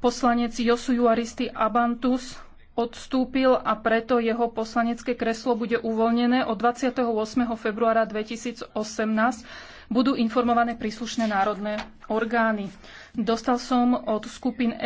Poslanec Josu Juaristi Abantus odstúpil a preto jeho poslanecké kreslo bude uvoľnené od 28. februára 2018. Budú informované príslušné národné orgány. Dostal som od skupín